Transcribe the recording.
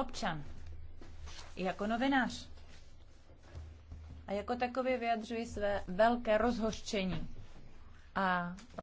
občan, jako novinář. A jako takový vyjadřuji své velké rozhořčení a